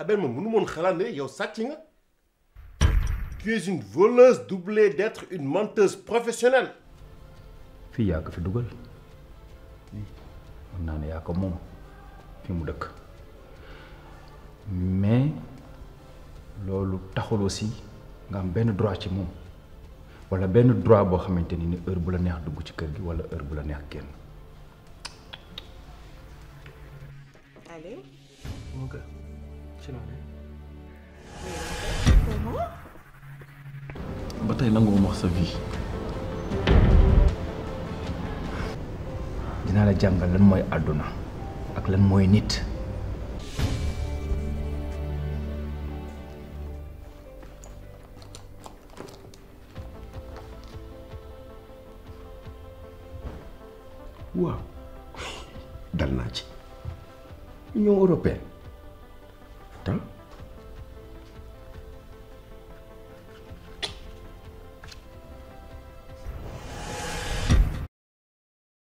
Abel moom munu moon xalaat ne yow sàcc nga tu es une voleuse doublée d'être une menteuse professionnelle fii yaa ko fi dugal mën naa ne yaa ko moom fi mu dëkk mais loolu taxul aussi nga am benn droit ci moom wala benn droit boo xamante ni ni heure bu la neex dugg ci kër gi wala heure bu la neex kenn Chinois ba tey nanguwuma wax sa vie dinaa la jàngal lan mooy àdduna ak lan mooy nit dal naa ci Union européenne temps